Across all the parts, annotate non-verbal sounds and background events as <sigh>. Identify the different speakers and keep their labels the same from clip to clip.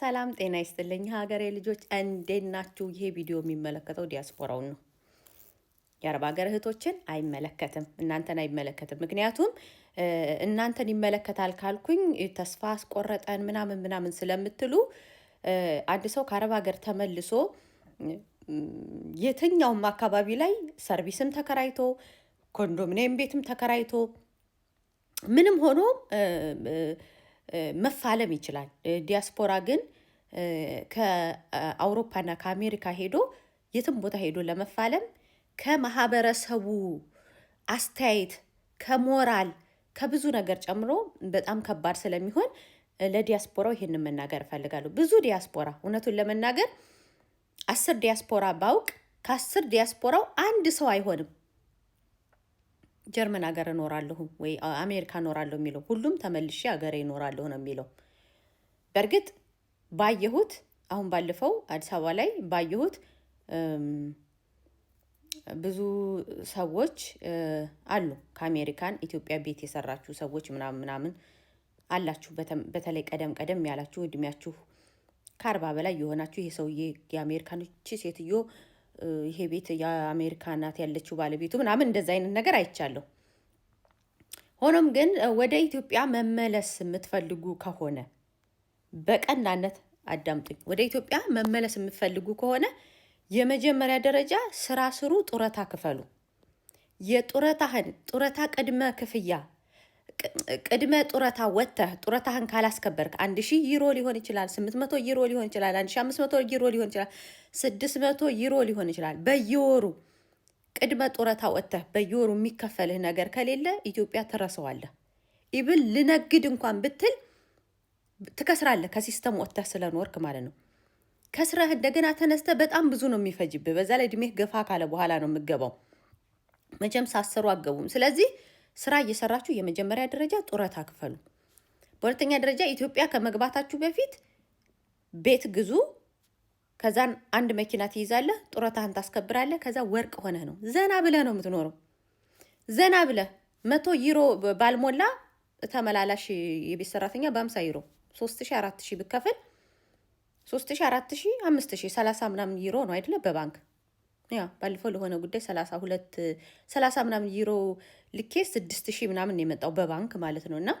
Speaker 1: ሰላም ጤና ይስጥልኝ ሀገሬ ልጆች እንዴት ናችሁ? ይሄ ቪዲዮ የሚመለከተው ዲያስፖራውን ነው። የአረብ ሀገር እህቶችን አይመለከትም፣ እናንተን አይመለከትም። ምክንያቱም እናንተን ይመለከታል ካልኩኝ ተስፋ አስቆረጠን ምናምን ምናምን ስለምትሉ አንድ ሰው ከአረብ ሀገር ተመልሶ የትኛውም አካባቢ ላይ ሰርቪስም ተከራይቶ ኮንዶሚኒየም ቤትም ተከራይቶ ምንም ሆኖ መፋለም ይችላል። ዲያስፖራ ግን ከአውሮፓና ከአሜሪካ ሄዶ የትም ቦታ ሄዶ ለመፋለም ከማህበረሰቡ አስተያየት፣ ከሞራል፣ ከብዙ ነገር ጨምሮ በጣም ከባድ ስለሚሆን ለዲያስፖራው ይህንን መናገር እፈልጋለሁ። ብዙ ዲያስፖራ እውነቱን ለመናገር አስር ዲያስፖራ ባውቅ ከአስር ዲያስፖራው አንድ ሰው አይሆንም ጀርመን ሀገር እኖራለሁ ወይ አሜሪካ እኖራለሁ የሚለው ሁሉም ተመልሼ ሀገሬ እኖራለሁ ነው የሚለው። በእርግጥ ባየሁት አሁን ባለፈው አዲስ አበባ ላይ ባየሁት ብዙ ሰዎች አሉ ከአሜሪካን ኢትዮጵያ ቤት የሰራችሁ ሰዎች ምናምን ምናምን አላችሁ። በተለይ ቀደም ቀደም ያላችሁ እድሜያችሁ ከአርባ በላይ የሆናችሁ ይሄ ሰውዬ የአሜሪካኖች ሴትዮ ይሄ ቤት የአሜሪካ ናት ያለችው ባለቤቱ ምናምን እንደዚ አይነት ነገር አይቻለሁ። ሆኖም ግን ወደ ኢትዮጵያ መመለስ የምትፈልጉ ከሆነ በቀናነት አዳምጡኝ። ወደ ኢትዮጵያ መመለስ የምትፈልጉ ከሆነ የመጀመሪያ ደረጃ ስራ ስሩ፣ ጡረታ ክፈሉ። የጡረታህን ጡረታ ቅድመ ክፍያ ቅድመ ጡረታ ወጥተህ ጡረታህን ካላስከበርክ አንድ ሺህ ዩሮ ሊሆን ይችላል፣ ስምንት መቶ ዩሮ ሊሆን ይችላል፣ አንድ ሺህ አምስት መቶ ዩሮ ሊሆን ይችላል፣ ስድስት መቶ ዩሮ ሊሆን ይችላል። በየወሩ ቅድመ ጡረታ ወጥተህ በየወሩ የሚከፈልህ ነገር ከሌለ ኢትዮጵያ ትረሰዋለህ። ኢብል ልነግድ እንኳን ብትል ትከስራለህ። ከሲስተም ወጥተህ ስለኖርክ ማለት ነው። ከስረህ እንደገና ተነስተህ በጣም ብዙ ነው የሚፈጅብህ። በዛ ላይ እድሜህ ገፋ ካለ በኋላ ነው የምገባው። መቼም ሳሰሩ አገቡም። ስለዚህ ስራ እየሰራችሁ የመጀመሪያ ደረጃ ጡረታ ክፈሉ። በሁለተኛ ደረጃ ኢትዮጵያ ከመግባታችሁ በፊት ቤት ግዙ። ከዛን አንድ መኪና ትይዛለህ፣ ጡረታህን ታስከብራለህ። ከዛ ወርቅ ሆነህ ነው ዘና ብለህ ነው የምትኖረው። ዘና ብለህ መቶ ዩሮ ባልሞላ ተመላላሽ የቤት ሰራተኛ በአምሳ ዩሮ ሶስት ሺ አራት ሺ ብከፍል ሶስት ሺ አራት ሺ አምስት ሺ ሰላሳ ምናምን ዩሮ ነው አይደለ በባንክ ያ ባለፈው ለሆነ ጉዳይ ሰላሳ ሁለት ሰላሳ ምናምን ዩሮ ልኬ ስድስት ሺህ ምናምን የመጣው በባንክ ማለት ነው እና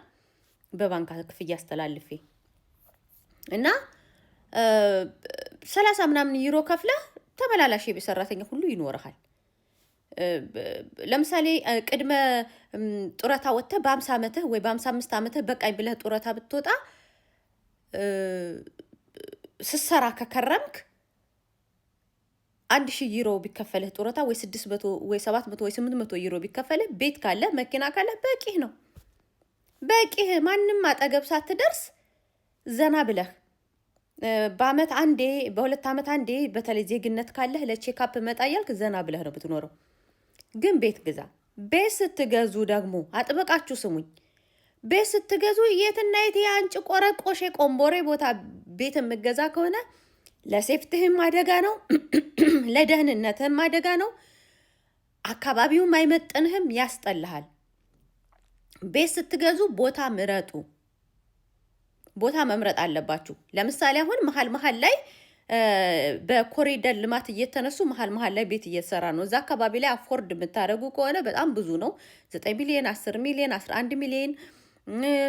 Speaker 1: በባንክ ክፍያ አስተላልፌ እና ሰላሳ ምናምን ዩሮ ከፍለህ ተመላላሽ የቤት ሰራተኛ ሁሉ ይኖርሃል። ለምሳሌ ቅድመ ጡረታ ወጥተህ በአምሳ ዓመትህ ወይ በአምሳ አምስት ዓመትህ በቃኝ ብለህ ጡረታ ብትወጣ ስሰራ ከከረምክ አንድ ሺህ ዩሮ ቢከፈልህ ጡረታ ወይ ስድስት መቶ ወይ ሰባት መቶ ወይ ስምንት መቶ ዩሮ ቢከፈልህ ቤት ካለ መኪና ካለ በቂህ ነው በቂህ። ማንም አጠገብ ሳትደርስ ዘና ብለህ በአመት አንዴ በሁለት ዓመት አንዴ በተለይ ዜግነት ካለህ ለቼካፕ መጣ እያልክ ዘና ብለህ ነው ብትኖረው። ግን ቤት ግዛ። ቤት ስትገዙ ደግሞ አጥብቃችሁ ስሙኝ። ቤት ስትገዙ የትና የት የአንጭ ቆረቆሼ ቆሼ ቆምቦሬ ቦታ ቤት የምገዛ ከሆነ ለሴፍትህም አደጋ ነው፣ <clears throat> ለደህንነትህም አደጋ ነው። አካባቢውም አይመጥንህም፣ ያስጠልሃል። ቤት ስትገዙ ቦታ ምረጡ። ቦታ መምረጥ አለባችሁ። ለምሳሌ አሁን መሀል መሀል ላይ በኮሪደር ልማት እየተነሱ መሀል መሀል ላይ ቤት እየተሰራ ነው። እዛ አካባቢ ላይ አፎርድ የምታደርጉ ከሆነ በጣም ብዙ ነው። ዘጠኝ ሚሊዮን፣ አስር ሚሊዮን፣ አስራ አንድ ሚሊዮን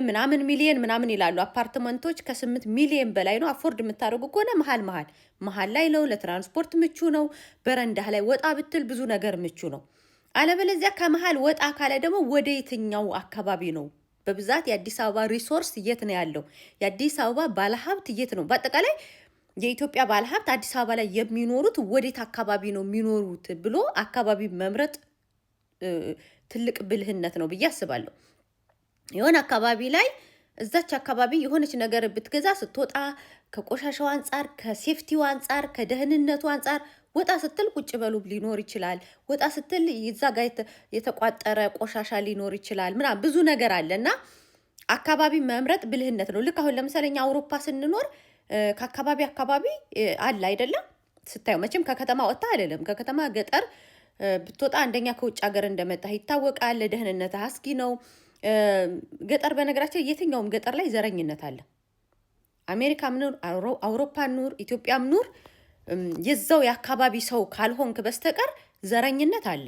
Speaker 1: ምናምን ሚሊየን ምናምን ይላሉ። አፓርትመንቶች ከስምንት ሚሊየን በላይ ነው። አፎርድ የምታደርጉ ከሆነ መሀል መሀል መሀል ላይ ነው። ለትራንስፖርት ምቹ ነው። በረንዳህ ላይ ወጣ ብትል ብዙ ነገር ምቹ ነው። አለበለዚያ ከመሀል ወጣ ካለ ደግሞ ወደ የትኛው አካባቢ ነው በብዛት የአዲስ አበባ ሪሶርስ የት ነው ያለው? የአዲስ አበባ ባለሀብት የት ነው? በአጠቃላይ የኢትዮጵያ ባለሀብት አዲስ አበባ ላይ የሚኖሩት ወዴት አካባቢ ነው የሚኖሩት ብሎ አካባቢ መምረጥ ትልቅ ብልህነት ነው ብዬ አስባለሁ። የሆነ አካባቢ ላይ እዛች አካባቢ የሆነች ነገር ብትገዛ ስትወጣ ከቆሻሻው አንጻር፣ ከሴፍቲው አንጻር፣ ከደህንነቱ አንጻር ወጣ ስትል ቁጭ በሉ ሊኖር ይችላል። ወጣ ስትል ይዛ ጋ የተቋጠረ ቆሻሻ ሊኖር ይችላል። ምናምን ብዙ ነገር አለ እና አካባቢ መምረጥ ብልህነት ነው። ልክ አሁን ለምሳሌ እኛ አውሮፓ ስንኖር ከአካባቢ አካባቢ አለ አይደለም ስታዩ መቼም ከከተማ ወጥታ አይደለም ከከተማ ገጠር ብትወጣ አንደኛ ከውጭ ሀገር እንደመጣ ይታወቃል። ለደህንነት አስጊ ነው። ገጠር በነገራቸው የትኛውም ገጠር ላይ ዘረኝነት አለ። አሜሪካም ኑር፣ አውሮፓም ኑር፣ ኢትዮጵያም ኑር የዛው የአካባቢ ሰው ካልሆንክ በስተቀር ዘረኝነት አለ።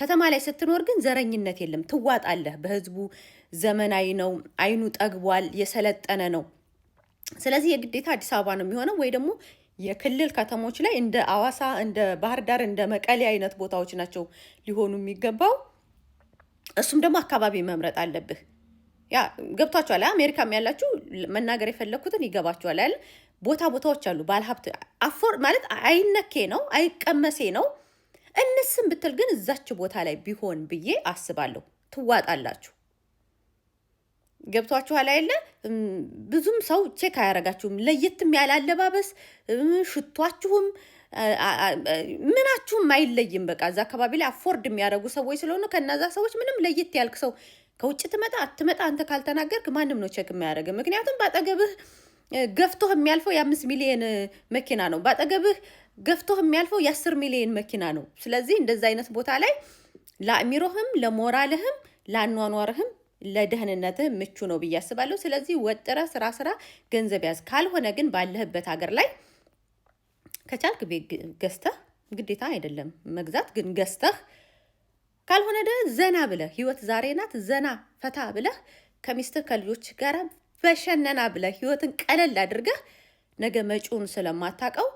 Speaker 1: ከተማ ላይ ስትኖር ግን ዘረኝነት የለም። ትዋጣለህ። በህዝቡ ዘመናዊ ነው፣ አይኑ ጠግቧል፣ የሰለጠነ ነው። ስለዚህ የግዴታ አዲስ አበባ ነው የሚሆነው ወይ ደግሞ የክልል ከተሞች ላይ እንደ አዋሳ፣ እንደ ባህር ዳር፣ እንደ መቀሌ አይነት ቦታዎች ናቸው ሊሆኑ የሚገባው። እሱም ደግሞ አካባቢ መምረጥ አለብህ። ያ ገብቷችኋል። አሜሪካም ያላችሁ መናገር የፈለግኩትን ይገባችኋል። ያለ ቦታ ቦታዎች አሉ። ባለሀብት አፎር ማለት አይነኬ ነው፣ አይቀመሴ ነው። እነስም ብትል ግን እዛች ቦታ ላይ ቢሆን ብዬ አስባለሁ። ትዋጣላችሁ። ገብቷችኋል አይደለ? ብዙም ሰው ቼክ አያረጋችሁም። ለየትም ያለ አለባበስ ሽቷችሁም ምናችሁም አይለይም። በቃ እዛ አካባቢ ላይ አፎርድ የሚያደርጉ ሰዎች ስለሆኑ ከነዛ ሰዎች ምንም ለየት ያልክ ሰው ከውጭ ትመጣ አትመጣ አንተ ካልተናገርክ ማንም ነው ቼክ የሚያደርግ። ምክንያቱም በጠገብህ ገፍቶህ የሚያልፈው የአምስት ሚሊየን መኪና ነው። በአጠገብህ ገፍቶህ የሚያልፈው የአስር ሚሊየን መኪና ነው። ስለዚህ እንደዚ አይነት ቦታ ላይ ለአእሚሮህም፣ ለሞራልህም፣ ለአኗኗርህም ለደህንነትህ ምቹ ነው ብዬ አስባለሁ። ስለዚህ ወጥረ ስራ ስራ ገንዘብ ያዝ። ካልሆነ ግን ባለህበት ሀገር ላይ ከቻልክ ቤት ገዝተህ ግዴታ አይደለም መግዛት ግን ገዝተህ ካልሆነ ደ ዘና ብለህ ህይወት ዛሬ ናት። ዘና ፈታ ብለህ ከሚስትህ ከልጆች ጋር በሸነና ብለህ ህይወትን ቀለል አድርገህ ነገ መጪውን ስለማታውቀው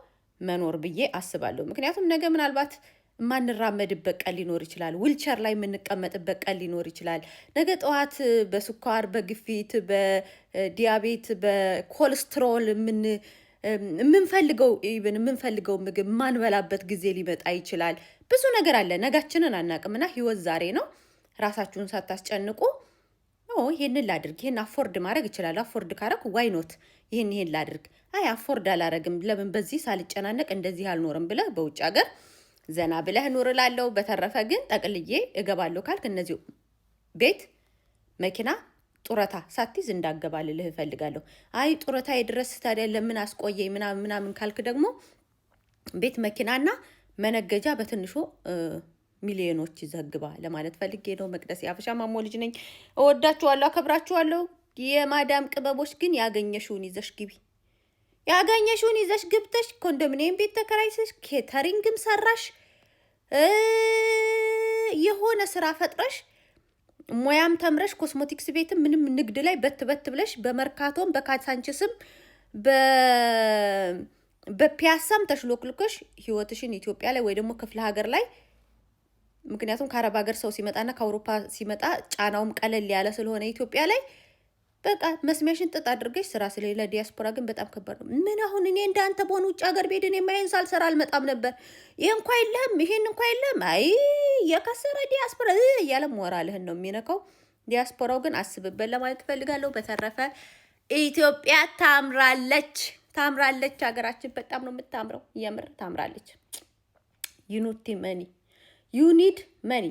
Speaker 1: መኖር ብዬ አስባለሁ። ምክንያቱም ነገ ምናልባት የማንራመድበት ቀን ሊኖር ይችላል። ዊልቸር ላይ የምንቀመጥበት ቀን ሊኖር ይችላል። ነገ ጠዋት በስኳር፣ በግፊት፣ በዲያቤት፣ በኮልስትሮል ምን የምንፈልገው ኢቨን የምንፈልገው ምግብ ማንበላበት ጊዜ ሊመጣ ይችላል። ብዙ ነገር አለ። ነጋችንን አናቅምና ህይወት ዛሬ ነው። ራሳችሁን ሳታስጨንቁ ይህንን ላድርግ፣ ይህን አፎርድ ማድረግ ይችላል። አፎርድ ካረግ ዋይ ኖት፣ ይህን ይህን ላድርግ። አይ አፎርድ አላረግም፣ ለምን በዚህ ሳልጨናነቅ እንደዚህ አልኖርም ብለህ በውጭ ሀገር ዘና ብለህ ኑር እላለሁ። በተረፈ ግን ጠቅልዬ እገባለሁ ካልክ እነዚሁ ቤት፣ መኪና፣ ጡረታ ሳትይዝ እንዳገባልልህ እፈልጋለሁ። አይ ጡረታ የድረስ ታዲያ ለምን አስቆየኝ ምናምን ምናምን ካልክ ደግሞ ቤት መኪናና መነገጃ በትንሹ ሚሊዮኖች ይዘግባ ለማለት ፈልጌ ነው። መቅደስ የአበሻ ማሞ ልጅ ነኝ። እወዳችኋለሁ፣ አከብራችኋለሁ። የማዳም ቅበቦች ግን ያገኘሽውን ይዘሽ ግቢ። ያገኘሽውን ይዘሽ ግብተሽ ኮንዶሚኒየም ቤት ተከራይተሽ ኬተሪንግም ሰራሽ የሆነ ስራ ፈጥረሽ ሙያም ተምረሽ ኮስሞቲክስ ቤትም ምንም ንግድ ላይ በት በት ብለሽ በመርካቶም በካሳንችስም በፒያሳም ተሽሎክልኮሽ ህይወትሽን ኢትዮጵያ ላይ ወይ ደግሞ ክፍለ ሀገር ላይ ምክንያቱም ከአረብ ሀገር ሰው ሲመጣና ከአውሮፓ ሲመጣ ጫናውም ቀለል ያለ ስለሆነ ኢትዮጵያ ላይ በቃ መስሚያሽን ጥጥ አድርገሽ ስራ ስለሌለ ዲያስፖራ ግን በጣም ከባድ ነው። ምን አሁን እኔ እንዳንተ በሆን ውጭ ሀገር ቤድን የማይን ሳልሰራ አልመጣም ነበር። ይህ እንኳ የለም ይሄን እንኳ የለም። አይ የከሰረ ዲያስፖራ እያለ ሞራልህን ነው የሚነካው። ዲያስፖራው ግን አስብበት ለማለት ትፈልጋለሁ። በተረፈ ኢትዮጵያ ታምራለች፣ ታምራለች። ሀገራችን በጣም ነው የምታምረው። የምር ታምራለች። ዩኒቲ መኒ ዩኒድ መኒ